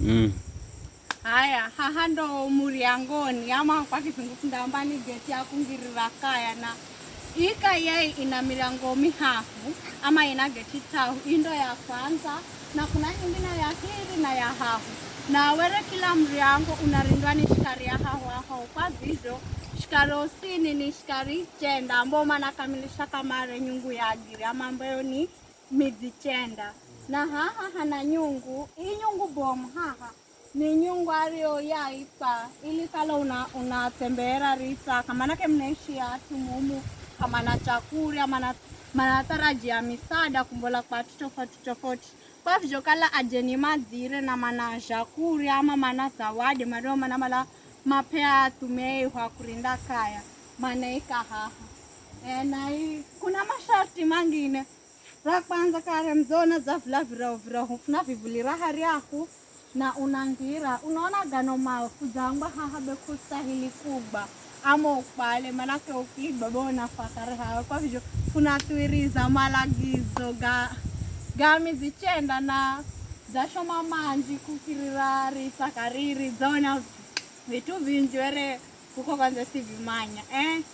Mm. Haya, haha ndo muriangoni ama kwa kizungufu ndambani geti yakungirira kaya na ikayai ina milango mihafu ama ina geti tahu indo ya kwanza na kuna nyingine ya hiri na ya hafu na were kila mriango ni shikari ya hahu hahu kwa vivyo shikari osini ni shikari chenda ambao manakamilisha kamare nyungu ya agiri ama ambayo ni midzi chenda na haha hana nyungu hii nyungu bomu haha ni nyungu ario yaipa ili kala una, unatembera rita kamanake mnaishi tumumu mumu kamana chakuri amana manatarajia misada kumbola kwa atu tofauti tofauti kwa vivyo kala ajeni madzire na mana shakuri ama mana zawadi mario mana mala mapea kwa kurinda kaya manaika haha e, kuna masharti mangine ra kwanza kare mzona zavula virahu virahu funa vivuli raha aku na unangira unaona gano mafu jangwa hahabe kustahili kuba ama ukwale manake ukiba bona fakare hawe kwa funa funatwiriza malagizo ga gami zichenda na zashoma manji kukirira sakariri zona vitu vinji were kuko kwanza sivimanya eh?